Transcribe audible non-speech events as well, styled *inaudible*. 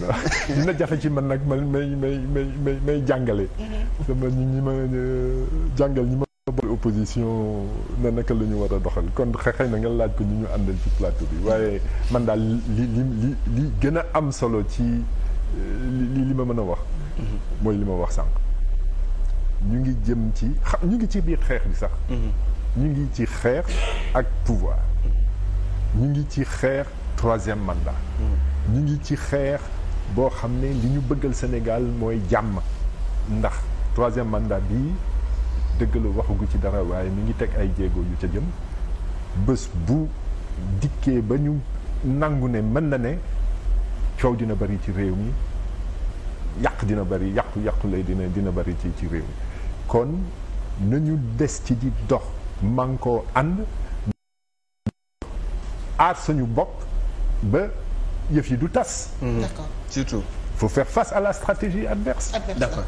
*laughs* dina jafe ci man nag man may may may may jàngale. Mm-hmm. sama ñi ñi ma jàngal ñi ma boole opposition na naka la ñu war a doxal kon xëy na nga laaj ko ñu ñu àndal ci plateau bi waaye man daal li li li li gën a am solo ci eh, li li ma mën a wax. Mm-hmm. mooy li ma wax sànq. ñu ngi jëm ci xam ñu ngi ci biir xeex bi sax. Mm-hmm. ñu ngi ci xeex ak pouvoir. ñu ngi ci xeex troisième mandat. ñu ngi ci xeex. boo xam ne li ñu bëggal Sénégal mooy jàmm ndax troisième mandat bii dëgg la waxagu ci dara waaye mi ngi teg ay jéego yu ca jëm bés bu dikkee ba ñu nangu ne mën na ne coow dina bari ci réew mi yàq dina bari yàqu yàqu lay dina dina bari ci ci réew mi kon nañu des ci di dox man koo ànd aar sañu bokk ba yëf yi du tas. d'accord surtout. faut faire face à la stratégie adverse. d'accord